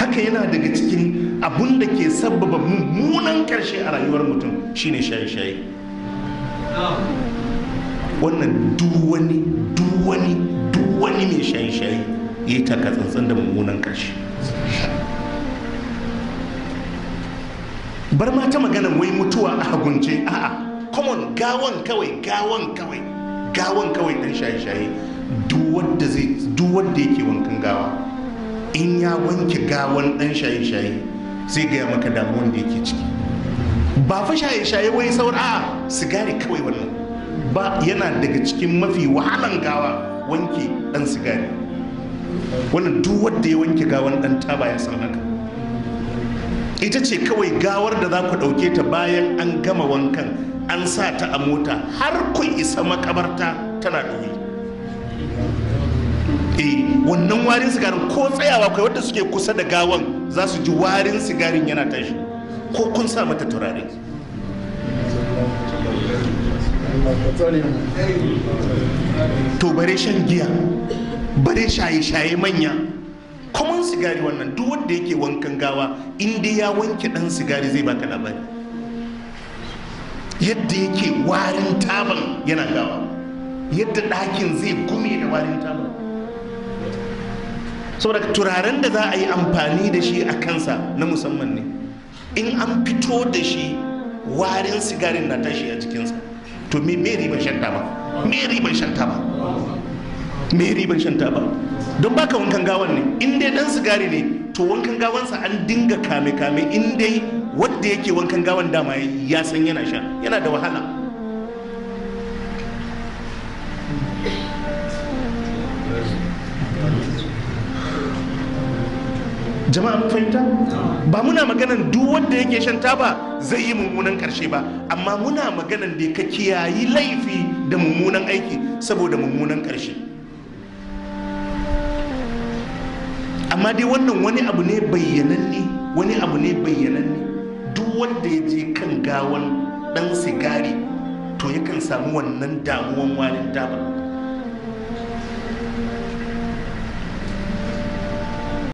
haka yana daga cikin abun da ke sabbaba mummunan karshe a rayuwar mutum shine shaye-shaye wannan duwani duwani duwani mai shaye-shaye ya yi takatsantsan da mummunan karshe. bar mata ta magana wai mutuwa a hagunce a'a common gawan kawai gawan kawai gawan kawai ɗan shaye-shaye duwanda wanda yake wankan gawa in ya wanke gawan dan shaye-shaye zai gaya maka damuwan da yake ciki ba fa shaye-shaye wai saur a sigari kawai wannan ba yana daga cikin mafi wahalan gawa wanke dan sigari wannan duk wanda ya wanke gawan dan taba ya san haka ita ce kawai gawar da za ku ɗauke ta bayan an gama wankan an sa ta a mota har ku isa makabarta tana ɗauke wannan warin sigarin ko tsayawa kai wadda suke kusa da gawan za su ji warin sigarin yana tashi ko kun sa mata turare to bare shan giya bare shaye-shaye manya kuman sigari wannan duk wanda yake wankan gawa inda ya wanke dan sigari zai baka labari yadda yake warin taban yana gawa yadda ɗakin zai gume da warin taban saboda turaren da za a yi amfani da shi a kansa na musamman ne in an fito da shi warin sigarin na tashi a jikinsa to me me riban shan ba? me riban shan ba? me riban shan ba? don baka wankan gawan ne in dai dan sigari ne to wankan gawansa an dinga kame kame in dai wanda yake wankan gawan dama ya san yana sha yana da wahala jama'a mun fahimta ba muna maganan duk wanda yake shan taba zai yi mummunan karshe ba amma muna maganan da ka kiyayi laifi da mummunan aiki saboda mummunan karshe amma dai wannan wani abu ne bayyananne wani abu ne bayyananne duk wanda ya je kan gawan dan sigari to yakan samu wannan damuwan wani taba